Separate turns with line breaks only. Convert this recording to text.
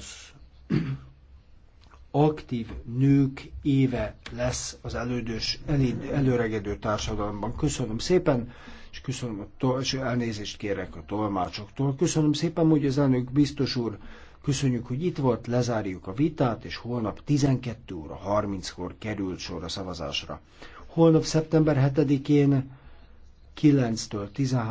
az aktív nők éve lesz az elődös, elid, előregedő társadalomban. Köszönöm szépen, és köszönöm a tol- és elnézést kérek a tolmácsoktól. Köszönöm szépen, hogy az elnök biztos úr, köszönjük, hogy itt volt, lezárjuk a vitát, és holnap 12 óra 30-kor került sor a szavazásra. Holnap szeptember 7-én 9-től
13